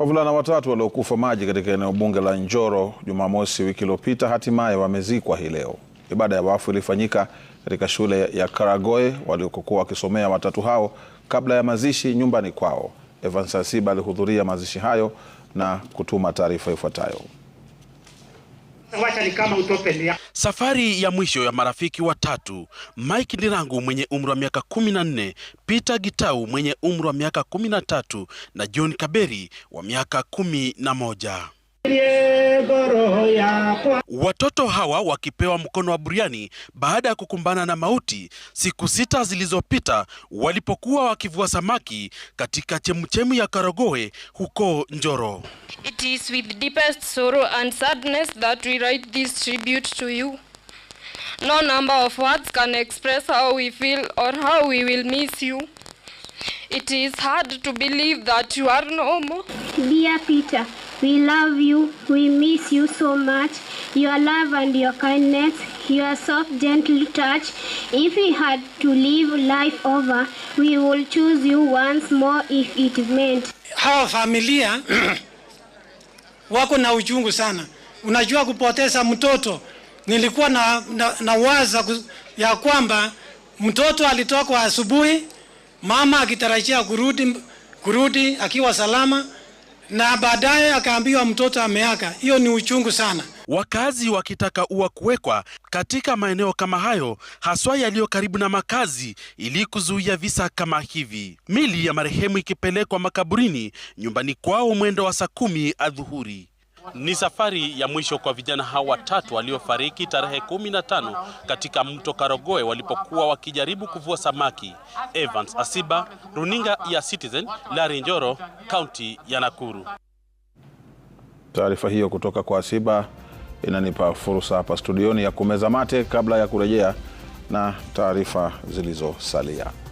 Wavulana watatu waliokufa maji katika eneo bunge la Njoro Jumamosi wiki iliyopita hatimaye wamezikwa hii leo. Ibada ya wafu ilifanyika katika shule ya Karagoe walikokuwa wakisomea watatu hao kabla ya mazishi nyumbani kwao. Evans Asiba alihudhuria mazishi hayo na kutuma taarifa ifuatayo wacha ni kama utope ndia. Safari ya mwisho ya marafiki watatu, Mike Ndirangu mwenye umri wa miaka 14, Peter Gitau mwenye umri wa miaka 13 na John Kaberi wa miaka 11. Watoto hawa wakipewa mkono wa buriani baada ya kukumbana na mauti siku sita zilizopita walipokuwa wakivua samaki katika chemchemi ya Karogoe huko Njoro. It is with deepest sorrow and sadness that we write this tribute to you. No number of words can express how we feel or how we will miss you. It is hard to believe that you are no more. Dear Peter, We love you. We miss you so much. Your love and your kindness, your soft, gentle touch. If we had to live life over, we will choose you once more if it meant. Hawa familia wako na uchungu sana. Unajua kupoteza mtoto, nilikuwa na, na, na waza ya kwamba mtoto alitoka asubuhi, mama akitarajia kurudi kurudi akiwa salama na baadaye akaambiwa mtoto ameaka. Hiyo ni uchungu sana. Wakazi wakitaka ua kuwekwa katika maeneo kama hayo, haswa yaliyo karibu na makazi, ili kuzuia visa kama hivi. Mili ya marehemu ikipelekwa makaburini nyumbani kwao mwendo wa saa kumi adhuhuri. Ni safari ya mwisho kwa vijana hawa watatu waliofariki tarehe 15 katika mto Karogoe walipokuwa wakijaribu kuvua samaki. Evans Asiba, runinga ya Citizen, Lari Njoro, kaunti ya Nakuru. Taarifa hiyo kutoka kwa Asiba inanipa fursa hapa studioni ya kumeza mate kabla ya kurejea na taarifa zilizosalia.